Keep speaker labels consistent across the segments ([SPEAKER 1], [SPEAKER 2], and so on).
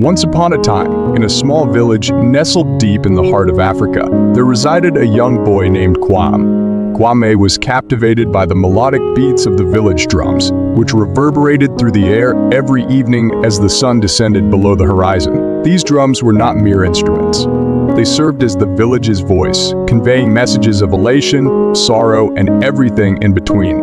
[SPEAKER 1] Once upon a time, in a small village nestled deep in the heart of Africa, there resided a young boy named Kwame. Kwame was captivated by the melodic beats of the village drums, which reverberated through the air every evening as the sun descended below the horizon. These drums were not mere instruments. They served as the village's voice, conveying messages of elation, sorrow, and everything in between.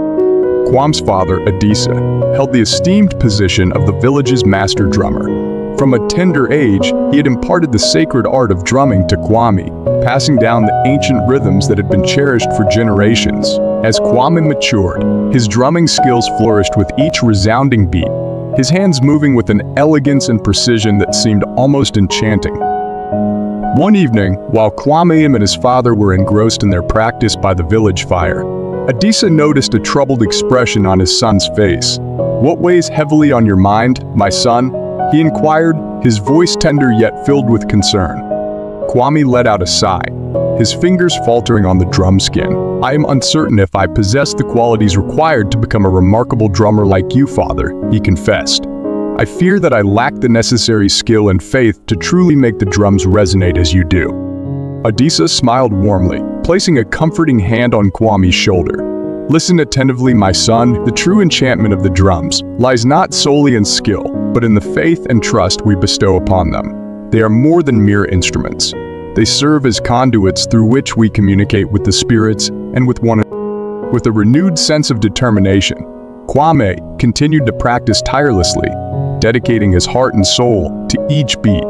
[SPEAKER 1] Kwame's father, Adisa, held the esteemed position of the village's master drummer, from a tender age, he had imparted the sacred art of drumming to Kwame, passing down the ancient rhythms that had been cherished for generations. As Kwame matured, his drumming skills flourished with each resounding beat, his hands moving with an elegance and precision that seemed almost enchanting. One evening, while Kwame and his father were engrossed in their practice by the village fire, Adisa noticed a troubled expression on his son's face. What weighs heavily on your mind, my son? He inquired, his voice tender yet filled with concern. Kwame let out a sigh, his fingers faltering on the drum skin. I am uncertain if I possess the qualities required to become a remarkable drummer like you, father, he confessed. I fear that I lack the necessary skill and faith to truly make the drums resonate as you do. Adisa smiled warmly, placing a comforting hand on Kwame's shoulder. Listen attentively, my son, the true enchantment of the drums lies not solely in skill, but in the faith and trust we bestow upon them. They are more than mere instruments. They serve as conduits through which we communicate with the spirits and with one another. With a renewed sense of determination, Kwame continued to practice tirelessly, dedicating his heart and soul to each beat.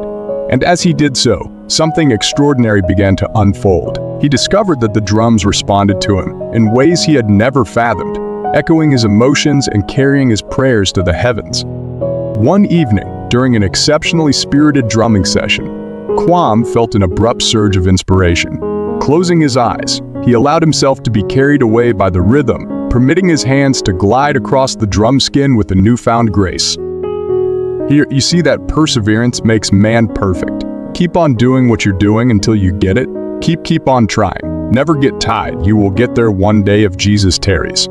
[SPEAKER 1] And as he did so, something extraordinary began to unfold. He discovered that the drums responded to him in ways he had never fathomed, echoing his emotions and carrying his prayers to the heavens. One evening, during an exceptionally spirited drumming session, Quam felt an abrupt surge of inspiration. Closing his eyes, he allowed himself to be carried away by the rhythm, permitting his hands to glide across the drum skin with a newfound grace. Here, you see that perseverance makes man perfect. Keep on doing what you're doing until you get it. Keep keep on trying. Never get tired. You will get there one day if Jesus tarries.